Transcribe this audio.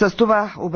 С това